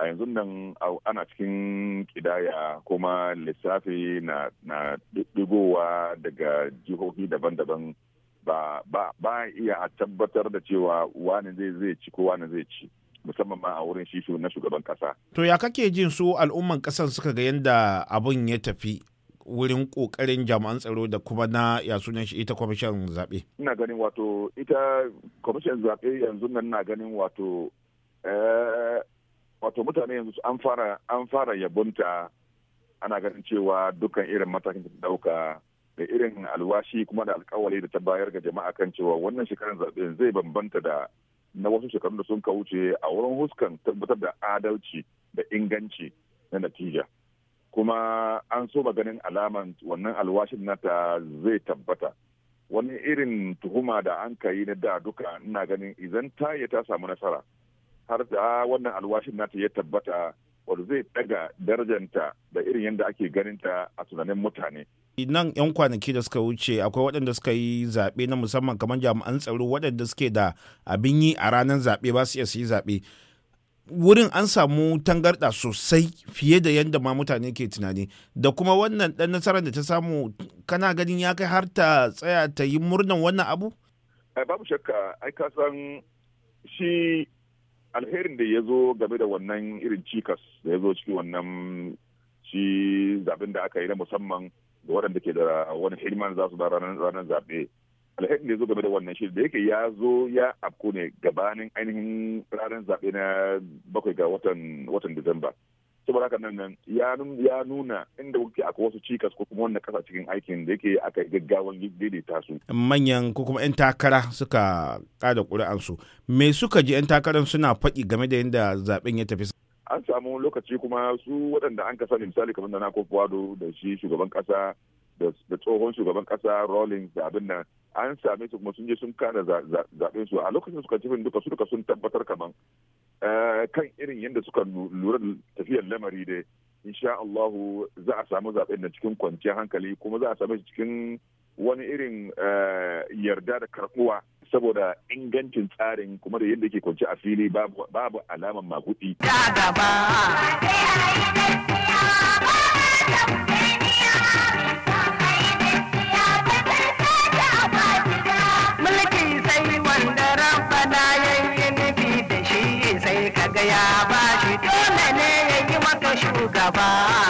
a yanzu nan ana cikin kidaya kuma lissafi na na daga jihohi daban-daban ba ba ba iya tabbatar da cewa wani zai zai ci ko wani zai ci musamman ma a wurin shishu na shugaban kasa to ya kake jin su al'umman kasan suka ga yadda abun ya tafi wurin kokarin jami'an tsaro da kuma na ya sunan shi ita kwamishin zaɓe. Ina ganin wato ita kwamishin zaɓe yanzu nan na ganin wato eh, wato mutane yanzu an fara an fara yabonta ana ganin cewa dukkan irin matakin da dauka da irin alwashi kuma da alkawari da ta bayar ga jama'a kan cewa wannan shekarar zaɓe zai bambanta da na wasu shekarun da sun wuce a wurin huskan tabbatar da adalci da inganci na natija kuma an so ganin alaman wannan alwashin nata zai tabbata wani irin tuhuma da an kayi na da duka ina ganin idan taya ta samu nasara har da wannan alwashin nata ya tabbata wadda zai daga darajanta da irin yadda ake ganinta a tunanin mutane. nan 'yan kwanaki da suka wuce akwai waɗanda suka yi zaɓe na musamman kamar jami'an tsaro waɗanda suke da abin yi a ranar zaɓe ba su iya su yi zaɓe wurin an samu tangarɗa sosai fiye da yadda ma mutane ke tunani da kuma wannan ɗan nasarar da ta samu kana ganin ya kai har ta tsaya ta yi murnan wannan abu? babu shakka ai ka san shi alherin da ya zo game da wannan irin cikas da ya zo ciki wannan shi zaben da aka yi na musamman da waɗanda ke da wani hirman za su da ranar zaɓe alherin da ya zo game da wannan shi da yake ya zo ya afko ne gabanin ainihin ranar zaɓe na bakwai ga watan Disamba. saboda haka nan ya nuna inda wuke akwai wasu cikas ko kuma wannan kasa cikin aikin da yake aka gaggawan daidaita su manyan ko kuma yan takara suka kada ƙuri'ansu me suka ji yan takarar suna faɗi game da yadda zaben ya tafi an samu lokaci kuma su waɗanda an kasa misali kamar da na kofuwado da shi shugaban kasa da tsohon shugaban kasa rawlings da abin nan an same su kuma sun je sun kada zaɓen su a lokacin suka ci duka su duka sun tabbatar kamar inda suka lura da tafiyar lamari dai insha Allahu za a samu zaɓen nan cikin kwanciyar hankali kuma za a samu shi cikin wani irin eh, yarda da karɓuwa saboda ingancin tsarin kuma da yadda ke kwanci a fili babu alaman maguɗi. Mulki sai wanda da shi sai ka గబా